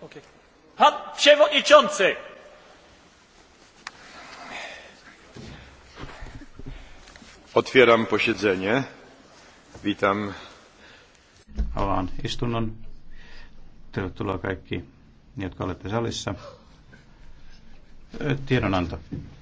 Okay. Pan przewodniczący! Otwieram posiedzenie. Witam. Avaan istunnon. Tervetuloa kaikki, jotka olette salissa. Tiedonanto.